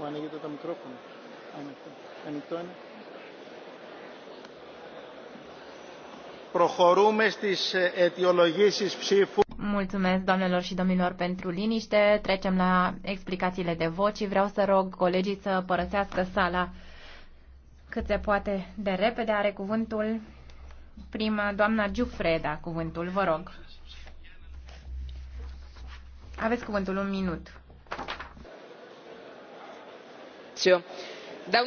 Μου ανοίγετε το μικρόφωνο. Ανοιχτό. Ανοιχτό είναι. Προχωρούμε στις αιτιολογήσεις ψήφου. Mulțumesc, doamnelor și domnilor, pentru liniște. Trecem la explicațiile de voci și vreau să rog colegii să părăsească sala cât se poate de repede. Are cuvântul prima doamna Giufreda, cuvântul, vă rog. Aveți cuvântul un minut spazio. Da,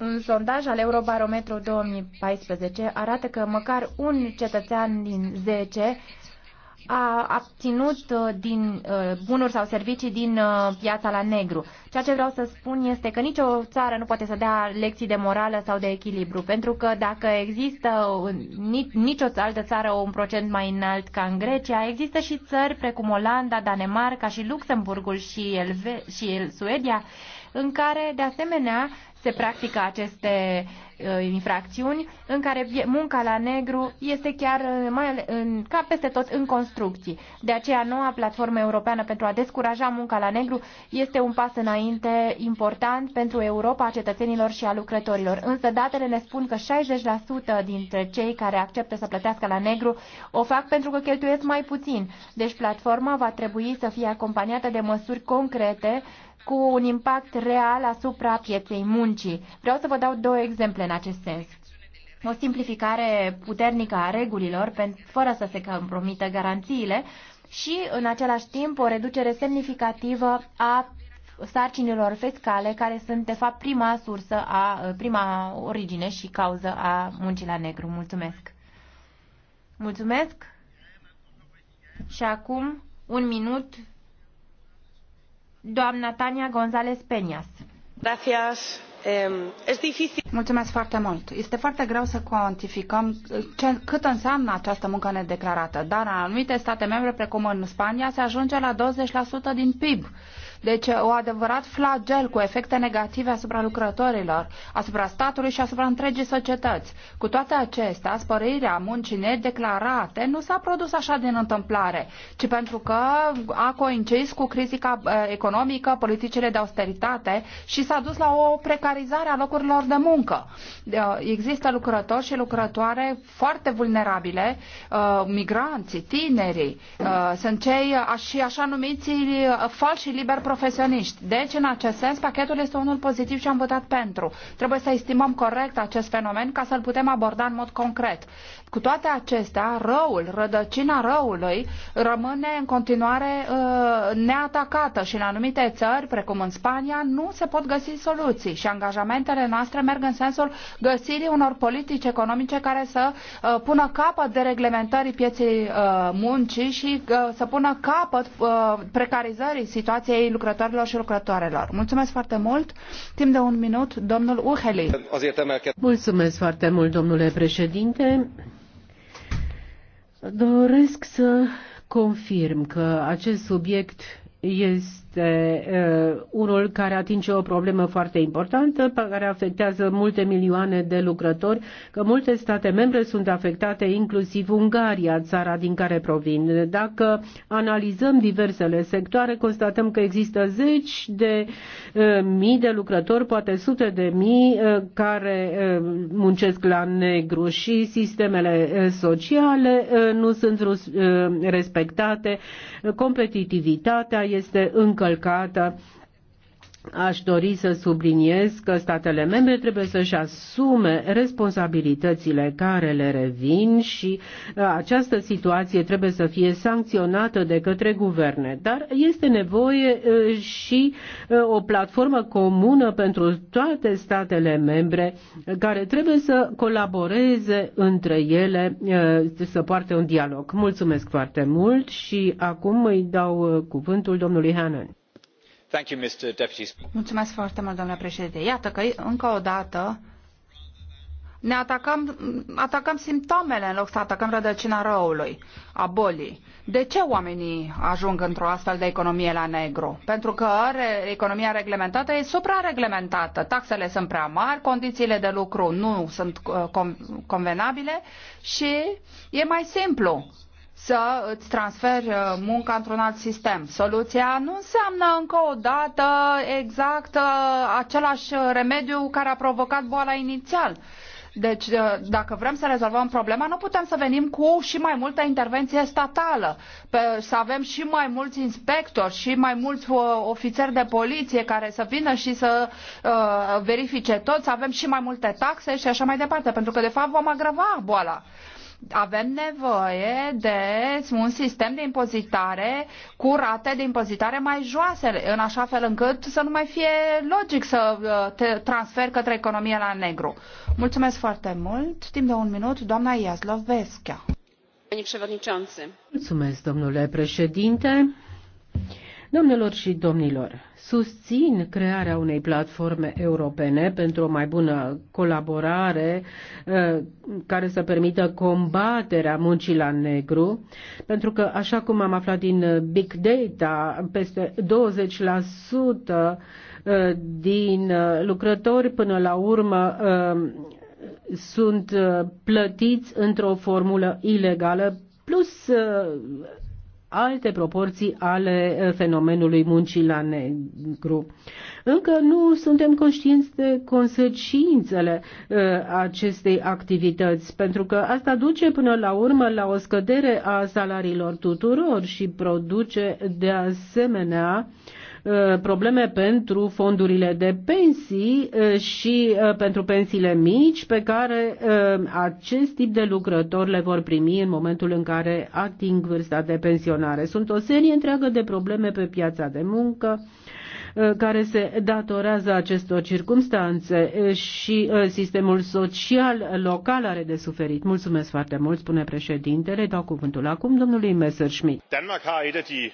un sondaj al Eurobarometru paisprezece arată că măcar un cetățean din zece a abținut uh, din uh, bunuri sau servicii din piața uh, la negru. Ceea ce vreau să spun este că nicio țară nu poate să dea lecții de morală sau de echilibru, pentru că dacă există nicio altă țară un procent mai înalt ca în Grecia, există și țări precum Olanda, Danemarca și Luxemburgul și, Elve- și El Suedia, în care, de asemenea, se practică aceste uh, infracțiuni, în care munca la negru este chiar uh, mai în, ca peste tot în construcții. De aceea noua platformă europeană pentru a descuraja munca la negru este un pas înainte important pentru Europa a cetățenilor și a lucrătorilor. Însă datele ne spun că 60% dintre cei care acceptă să plătească la negru o fac pentru că cheltuiesc mai puțin. Deci platforma va trebui să fie acompaniată de măsuri concrete cu un impact real asupra pieței muncii muncii. Vreau să vă dau două exemple în acest sens. O simplificare puternică a regulilor, fără să se compromită garanțiile, și, în același timp, o reducere semnificativă a sarcinilor fiscale, care sunt, de fapt, prima sursă, a, prima origine și cauză a muncii la negru. Mulțumesc! Mulțumesc! Și acum, un minut, doamna Tania González Peñas. Gracias. Mulțumesc foarte mult. Este foarte greu să cuantificăm cât înseamnă această muncă nedeclarată, dar în anumite state membre, precum în Spania, se ajunge la 20% din PIB. Deci o adevărat flagel cu efecte negative asupra lucrătorilor, asupra statului și asupra întregii societăți. Cu toate acestea, spărirea muncii nedeclarate nu s-a produs așa din întâmplare, ci pentru că a coincis cu critica economică, politicile de austeritate și s-a dus la o precarizare a locurilor de muncă. Există lucrători și lucrătoare foarte vulnerabile, migranții, tinerii, sunt cei și așa numiți falși liberi profesioniști. Deci, în acest sens, pachetul este unul pozitiv și am votat pentru. Trebuie să estimăm corect acest fenomen ca să-l putem aborda în mod concret. Cu toate acestea, răul, rădăcina răului rămâne în continuare uh, neatacată și în anumite țări, precum în Spania, nu se pot găsi soluții și angajamentele noastre merg în sensul găsirii unor politici economice care să uh, pună capăt de reglementării pieței uh, muncii și uh, să pună capăt uh, precarizării situației lucrătorilor și lucrătoarelor. Mulțumesc foarte mult. Timp de un minut, domnul Uheli. Mulțumesc foarte mult, domnule președinte. Doresc să confirm că acest subiect este este unul care atinge o problemă foarte importantă, care afectează multe milioane de lucrători, că multe state membre sunt afectate, inclusiv Ungaria, țara din care provin. Dacă analizăm diversele sectoare, constatăm că există zeci de mii de lucrători, poate sute de mii, care muncesc la negru și sistemele sociale nu sunt respectate, competitivitatea este încă încălcată. Aș dori să subliniez că statele membre trebuie să-și asume responsabilitățile care le revin și uh, această situație trebuie să fie sancționată de către guverne. Dar este nevoie uh, și uh, o platformă comună pentru toate statele membre care trebuie să colaboreze între ele, să poarte un dialog. Mulțumesc foarte mult și acum îi dau cuvântul domnului Hannan. Mulțumesc foarte mult, domnule președinte. Iată că încă o dată ne atacăm, simptomele în loc să atacăm rădăcina răului, a bolii. De ce oamenii ajung într-o astfel de economie la negru? Pentru că economia reglementată e suprareglementată. Taxele sunt prea mari, condițiile de lucru nu sunt uh, convenabile și e mai simplu să îți transferi uh, munca într-un alt sistem. Soluția nu înseamnă încă o dată exact uh, același uh, remediu care a provocat boala inițial. Deci, dacă vrem să rezolvăm problema, nu putem să venim cu și mai multă intervenție statală, pe, să avem și mai mulți inspectori și mai mulți uh, ofițeri de poliție care să vină și să uh, verifice tot, să avem și mai multe taxe și așa mai departe, pentru că, de fapt, vom agrava boala avem nevoie de un sistem de impozitare cu rate de impozitare mai joase, în așa fel încât să nu mai fie logic să uh, te transfer către economia la negru. Mulțumesc foarte mult. Timp de un minut, doamna Iazlov Vesca. Mulțumesc, domnule președinte. Domnilor și domnilor, susțin crearea unei platforme europene pentru o mai bună colaborare uh, care să permită combaterea muncii la negru, pentru că, așa cum am aflat din uh, Big Data, peste 20% uh, din lucrători până la urmă sunt plătiți într-o formulă ilegală plus alte proporții ale fenomenului muncii la negru. Încă nu suntem conștienți de consecințele acestei activități, pentru că asta duce până la urmă la o scădere a salariilor tuturor și produce de asemenea uh, Uh, probleme pentru fondurile de pensii uh, și uh, pentru pensiile mici pe care acest tip de lucrători le vor primi în momentul în care ating vârsta de pensionare. Sunt o serie întreagă de probleme pe piața de muncă care se datorează acestor circumstanțe și sistemul social local are de suferit. Mulțumesc foarte mult, spune președintele. Dau cuvântul acum domnului Messerschmidt. Danmark har et af de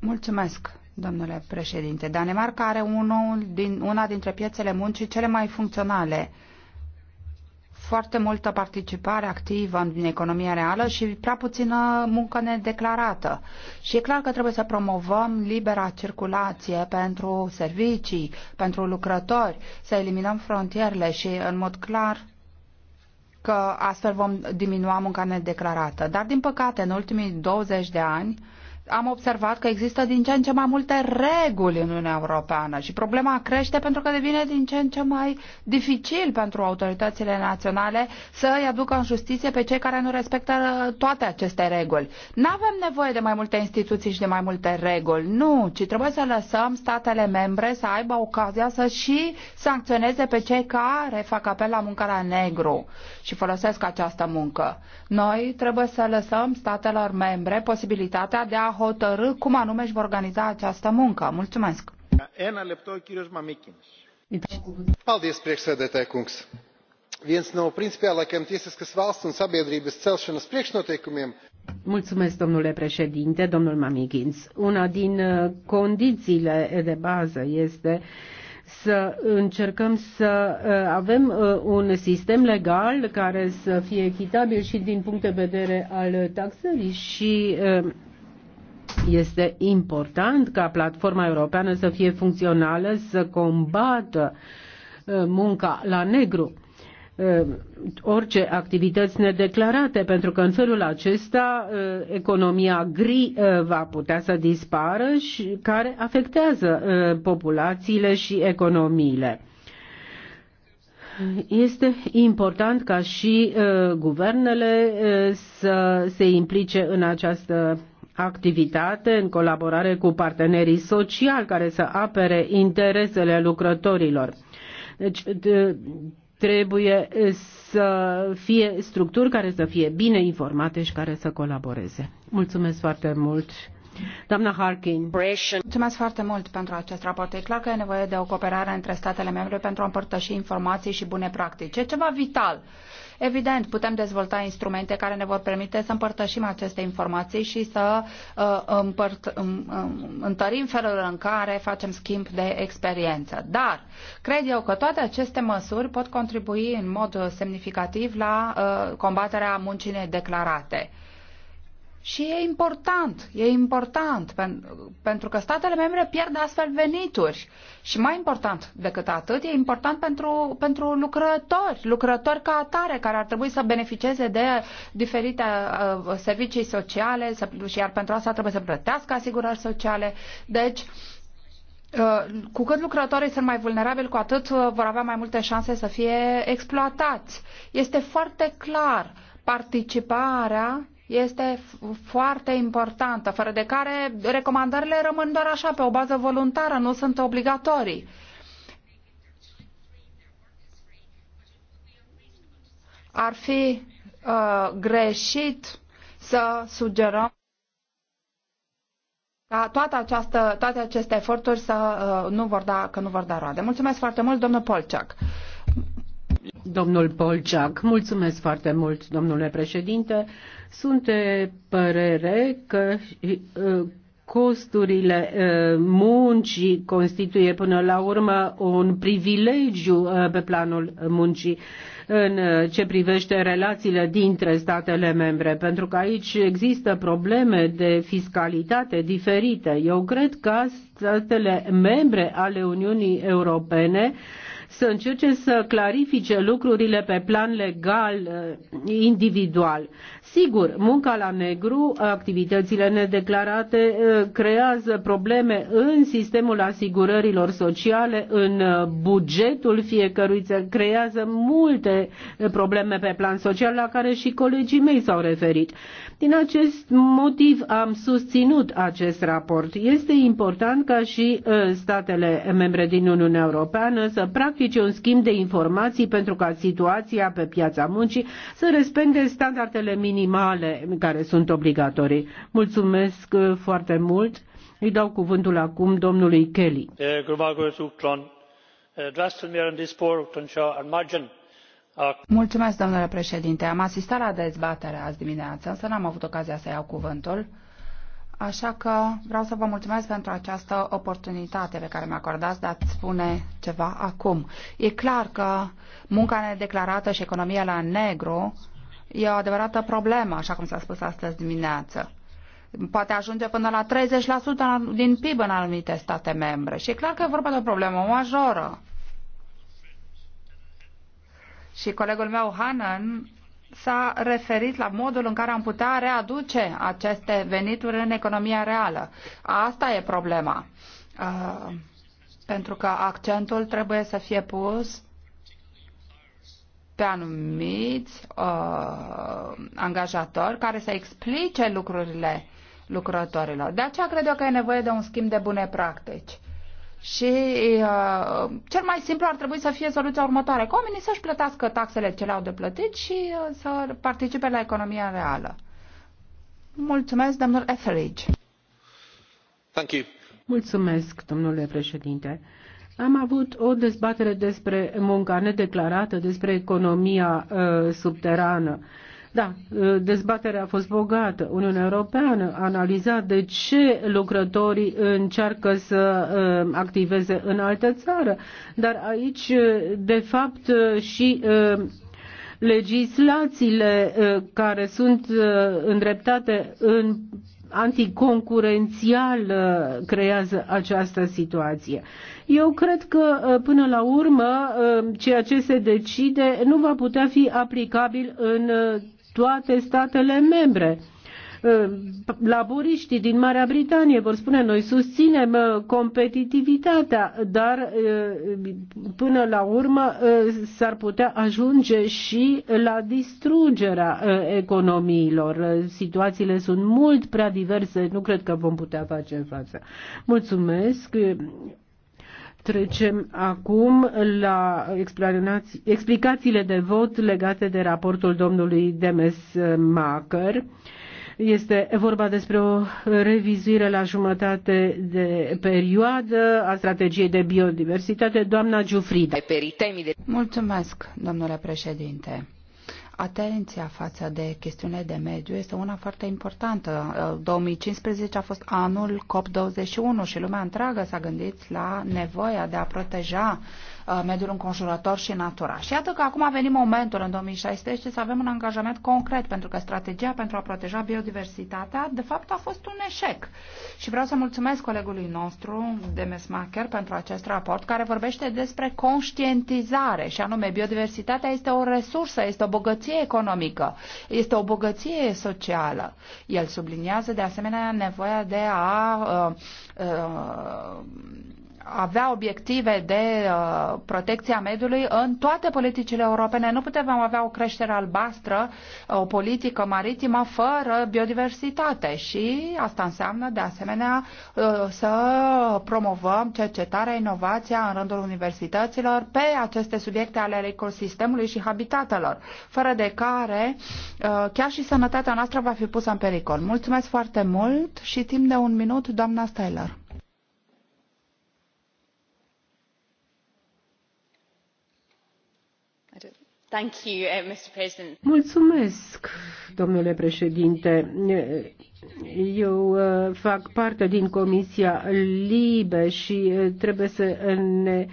Mulțumesc, domnule președinte. Danemarca are unul din, una dintre piețele muncii cele mai funcționale foarte multă participare activă în economia reală și prea puțină muncă nedeclarată. Și e clar că trebuie să promovăm libera circulație pentru servicii, pentru lucrători, să eliminăm frontierele și, în mod clar, că astfel vom diminua munca nedeclarată. Dar, din păcate, în ultimii 20 de ani, am observat că există din ce în ce mai multe reguli în Uniunea Europeană și problema crește pentru că devine din ce în ce mai dificil pentru autoritățile naționale să îi aducă în justiție pe cei care nu respectă toate aceste reguli. Nu avem nevoie de mai multe instituții și de mai multe reguli, nu, ci trebuie să lăsăm statele membre să aibă ocazia să și sancționeze pe cei care fac apel la munca la negru și folosesc această muncă. Noi trebuie să lăsăm statelor membre posibilitatea de a va hotărâ cum anume își vor organiza această muncă. Mulțumesc! Mulțumesc, domnule președinte, domnul Mamikins. Una din uh, condițiile de bază este să încercăm să uh, avem uh, un sistem legal care să fie echitabil și din punct de vedere al taxării și este important ca platforma europeană să fie funcțională, să combată uh, munca la negru uh, orice activități nedeclarate, pentru că în felul acesta uh, economia gri va putea să dispară și care afectează populațiile și economiile. Este important ca și guvernele să se implice în această activitate în colaborare cu partenerii sociali care să apere interesele lucrătorilor. Deci trebuie să fie structuri care să fie bine informate și care să colaboreze. Mulțumesc foarte mult! Doamna Harkin. Mulțumesc foarte mult pentru acest raport. E clar că e nevoie de o cooperare între statele membre pentru a împărtăși informații și bune practici. E ceva vital Evident, putem dezvolta instrumente care ne vor permite să împărtășim aceste informații și să uh, împărt, um, um, întărim felul în care facem schimb de experiență. Dar cred eu că toate aceste măsuri pot contribui în mod semnificativ la uh, combaterea muncii declarate. Și e important, e important, pen, pentru că statele membre pierd astfel venituri. Și mai important decât atât, e important pentru, pentru lucrători, lucrători ca atare, care ar trebui să beneficieze de diferite uh, servicii sociale, să, și iar pentru asta trebuie să plătească asigurări sociale. Deci, uh, cu cât lucrătorii sunt mai vulnerabili, cu atât uh, vor avea mai multe șanse să fie exploatați. Este foarte clar, participarea este foarte importantă, fără de care recomandările rămân doar așa, pe o bază voluntară, nu sunt obligatorii. Ar fi uh, greșit să sugerăm ca toată această, toate aceste eforturi să uh, nu vor da, că nu vor da roade. Mulțumesc foarte mult, domnul Polceac. Domnul Polciac, mulțumesc foarte mult, domnule președinte. Sunt de părere că uh, costurile uh, muncii constituie până la urmă un privilegiu uh, pe planul muncii în ce privește relațiile dintre statele membre, pentru că aici există probleme de fiscalitate diferite. Eu cred că statele membre ale Uniunii Europene să încerce să clarifice lucrurile pe plan legal eh, individual. Sigur, munca la negru, activitățile nedeclarate eh, creează probleme în sistemul asigurărilor sociale, în eh, bugetul fiecărui țări, creează multe probleme pe plan social la care și colegii mei s-au referit. Din acest motiv am susținut acest raport. Este important ca și statele membre din Uniunea Europeană să practice practice un schimb de informații pentru ca situația pe piața muncii să respecte standardele minimale care sunt obligatorii. Mulțumesc uh, foarte mult. Îi dau cuvântul acum domnului Kelly. Eh, eh, ah. Mulțumesc, domnule președinte am asistat la dezbatere azi dimineață însă nu am avut ocazia să iau cuvântul. Așa că vreau să vă mulțumesc pentru această oportunitate pe care mi-a acordat de a-ți spune ceva acum. E clar că munca nedeclarată și economia la negru e o adevărată problemă, așa cum s-a spus astăzi dimineață. Poate ajunge până la 30% din PIB în anumite state membre. Și e clar că e vorba de o problemă majoră. Și colegul meu, Hanan, s-a referit la modul în care am putea readuce aceste venituri în economia reală. Asta e problema. Uh, pentru că accentul trebuie să fie pus pe anumiți uh, angajatori care să explice lucrurile lucrătorilor. De aceea cred eu că e nevoie de un schimb de bune practici. Și uh, cel mai simplu ar trebui să fie soluția următoare, că oamenii să-și plătească taxele ce le-au de plătit și uh, să participe la economia reală. Mulțumesc, domnul Etheridge. Thank you. Mulțumesc, domnule președinte. Am avut o dezbatere despre munca nedeclarată, despre economia uh, subterană. Uh, da, uh, dezbaterea a fost bogată. Uniunea Europeană a analizat de ce lucrătorii încearcă să uh, activeze în altă țară, dar aici, uh, de fapt, și legislațiile care sunt îndreptate în anticoncurențial creează această situație. Eu cred că, până la urmă, ceea ce se decide nu va putea fi aplicabil în toate statele membre. Uh, Laboriștii din Marea Britanie vor spune noi susținem uh, competitivitatea, dar uh, până la urmă s-ar putea ajunge și la distrugerea economiilor. Situațiile sunt mult prea diverse, nu cred că vom putea face față. Mulțumesc. Trecem acum la explicațiile de vot legate de raportul domnului Demes Macker. Este vorba despre o revizuire la jumătate de perioadă a strategiei de biodiversitate. Doamna Giufrida. Mulțumesc, domnule președinte. Atenția față de chestiunile de mediu este una foarte importantă. 2015 a fost anul COP21 și lumea întreagă s-a gândit la nevoia de a proteja uh, Uh, mediul înconjurător și natura. Și iată că acum a venit momentul în 2016 să avem un angajament concret, pentru că strategia pentru a proteja biodiversitatea, de fapt, a fost un eșec. Și vreau să mulțumesc colegului nostru, Macher, pentru acest raport, care vorbește despre conștientizare, și anume biodiversitatea este o resursă, este o bogăție economică, este o bogăție socială. El subliniază, de asemenea, nevoia de a uh, uh, avea obiective de uh, protecția mediului în toate politicile europene. Nu putem avea o creștere albastră, uh, o politică maritimă fără biodiversitate și asta înseamnă de asemenea uh, să promovăm cercetarea, inovația în rândul universităților pe aceste subiecte ale ecosistemului și habitatelor, fără de care chiar și sănătatea noastră va fi pusă în pericol. Mulțumesc foarte mult și timp de un minut, doamna Steller. Uh, Mulțumesc, domnule președinte. Eu uh, fac parte din Comisia Libe și uh, trebuie să ne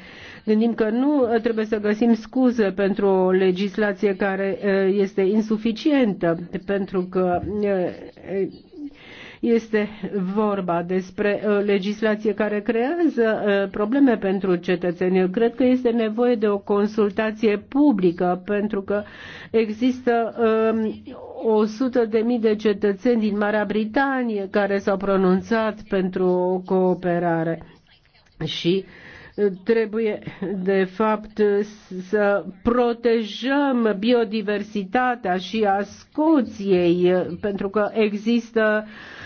gândim că nu trebuie să găsim scuze pentru o legislație care este insuficientă, pentru că este vorba despre uh, legislație care creează uh, probleme pentru cetățeni. cred că este nevoie de o consultație publică pentru că există 100.000 um, de, de cetățeni din Marea Britanie care s-au pronunțat pentru o cooperare. Și uh, trebuie, de fapt, să protejăm biodiversitatea și a Scoției, pentru că există uh,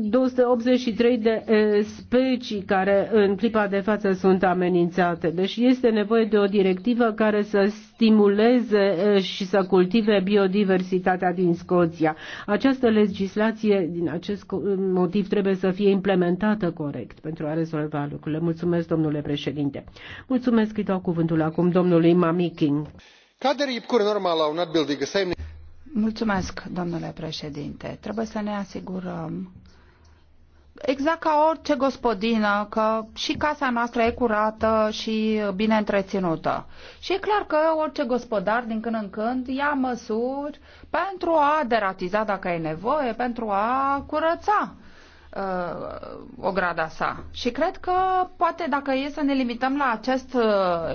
283 ehm, de eh, specii care în clipa de față sunt amenințate. Deci este nevoie de o directivă care să stimuleze eh, și să cultive biodiversitatea din Scoția. Această legislație, din acest eh, motiv, trebuie să fie implementată corect pentru a rezolva lucrurile. Mulțumesc, domnule președinte. Mulțumesc, îi dau cuvântul acum domnului Mamikin. Mulțumesc, domnule președinte. Trebuie să ne asigurăm exact ca orice gospodină, că și casa noastră e curată și bine întreținută. Și e clar că orice gospodar din când în când ia măsuri pentru a deratiza dacă e nevoie, pentru a curăța Uh, ograda sa. Și cred că poate dacă e să ne limităm la acest uh,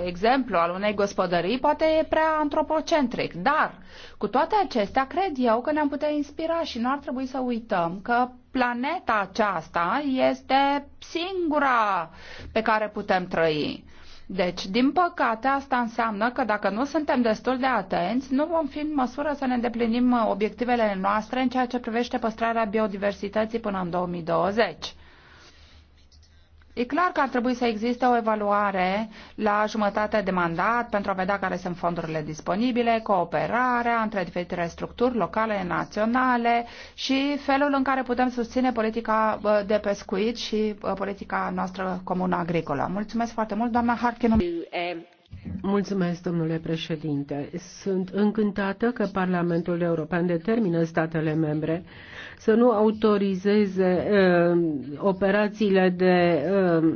exemplu al unei gospodării, poate e prea antropocentric. Dar cu toate acestea, cred eu că ne-am putea inspira și nu ar trebui să uităm că planeta aceasta este singura pe care putem trăi. Deci, din păcate, asta înseamnă că dacă nu suntem destul de atenți, nu vom fi în măsură să ne îndeplinim uh, obiectivele noastre în ceea ce privește păstrarea biodiversității până în 2020. E clar că ar trebui să existe o evaluare la jumătate de mandat pentru a vedea care sunt fondurile disponibile, cooperarea între diferitele structuri locale, naționale și felul în care putem susține politica de pescuit și politica noastră comună agricolă. Mulțumesc foarte mult, doamna Harkin. Um, Mulțumesc, domnule președinte. Sunt încântată că Parlamentul European determină statele membre să nu autorizeze uh, operațiile de uh,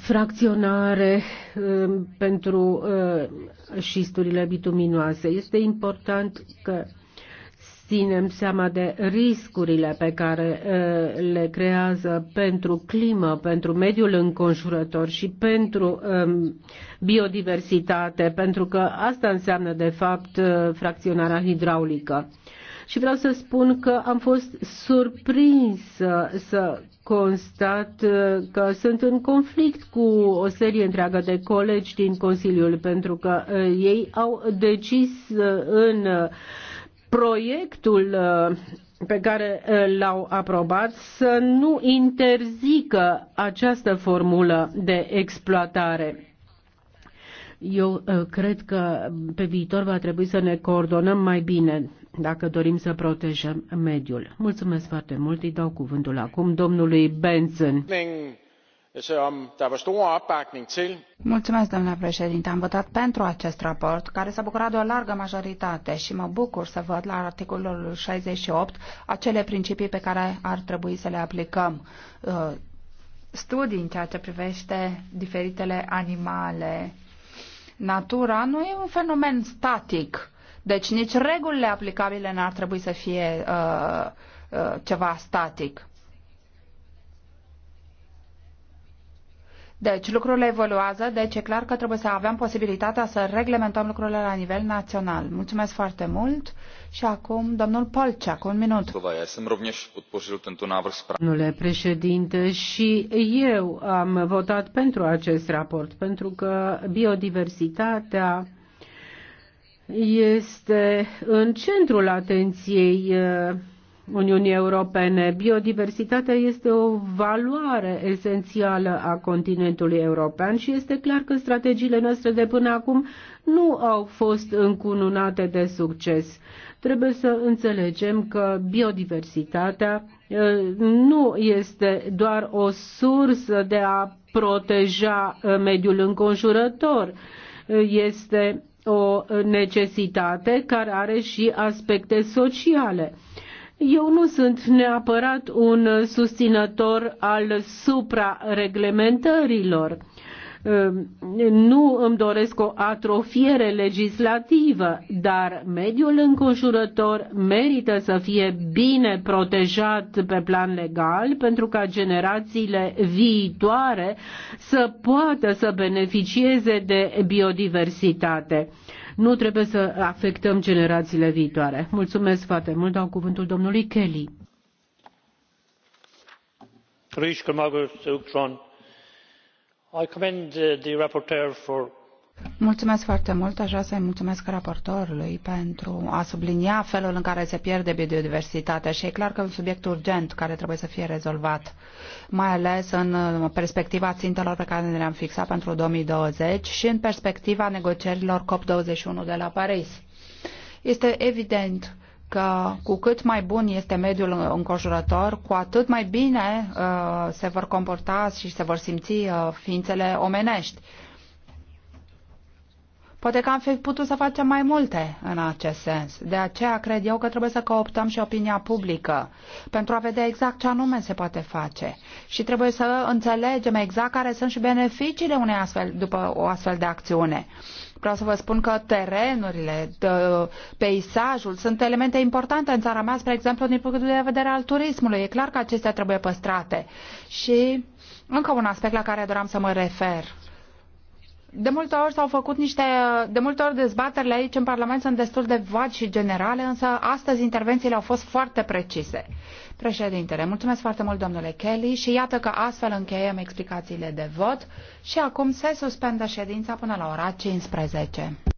fracționare uh, pentru uh, șisturile bituminoase. Este important că uh, ținem seama de riscurile pe care uh, le creează pentru climă, pentru mediul înconjurător și pentru um, biodiversitate, pentru că asta înseamnă de fapt uh, fracționarea hidraulică. Și vreau să spun că am fost surprins să constat uh, că sunt în conflict cu o serie întreagă de colegi din Consiliul, pentru că ei au decis în proiectul uh, pe care uh, l-au aprobat să nu interzică această formulă de exploatare. Eu uh, cred că pe viitor va trebui să ne coordonăm mai bine dacă dorim să protejăm mediul. Mulțumesc foarte mult. Îi dau cuvântul acum domnului Benson domnule președinte am votat pentru acest raport care s a bucurat de o largă majoritate și mă bucur să văd la articolul șaizeci și opt acele principii pe care ar trebui să le aplicăm uh, studii în ceea ce privește diferitele animale. Natura nu e un fenomen static, deci nici regulile aplicabile n-ar trebui să fie uh, uh, ceva static Deci lucrurile evoluează, deci e clar că trebuie să avem posibilitatea să reglementăm lucrurile la nivel național. Mulțumesc foarte mult și acum domnul Polceac, un minut. Domnule președinte, și eu am votat pentru acest raport, pentru că biodiversitatea este în centrul atenției uh, Uniunii Europene. Biodiversitatea este o valoare esențială a continentului european și este clar că strategiile noastre de până acum nu au fost încununate de succes. Trebuie să înțelegem că biodiversitatea nu este doar o sursă de a proteja mediul înconjurător, este o necesitate care are și aspecte sociale eu nu sunt neapărat un susținător al suprareglementărilor. Ehm, nu îmi doresc o atrofiere legislativă, dar mediul înconjurător merită să fie bine protejat pe plan legal pentru ca generațiile viitoare să poată să beneficieze de biodiversitate nu trebuie să afectăm generațiile viitoare. Mulțumesc foarte mult. Dau cuvântul domnului Kelly. I commend uh, the rapporteur for Mulțumesc foarte mult. Aș vrea să-i mulțumesc raportorului pentru a sublinia felul în care se pierde biodiversitatea și e clar că e un subiect urgent care trebuie să fie rezolvat, mai ales în perspectiva țintelor pe care le-am fixat pentru 2020 și în perspectiva negocierilor COP21 de la Paris. Este evident că cu cât mai bun este mediul înconjurător, cu atât mai bine uh, se vor comporta și se vor simți uh, ființele omenești. Poate că am fi putut să facem mai multe în acest sens. De aceea cred eu că trebuie să cooptăm și opinia publică pentru a vedea exact ce anume se poate face. Și trebuie să înțelegem exact care sunt și beneficiile unei astfel, după o astfel de acțiune. Vreau să vă spun că terenurile, peisajul sunt elemente importante în țara mea, spre exemplu, din punct de vedere al turismului. E clar că acestea trebuie păstrate. Și încă un aspect la care doream să mă refer de multe ori s-au făcut niște, de multe ori dezbaterile aici în Parlament sunt destul de vagi și generale, însă astăzi intervențiile au fost foarte precise. Președintele, mulțumesc foarte mult domnule Kelly și iată că astfel încheiem explicațiile de vot și acum se suspendă ședința până la ora 15.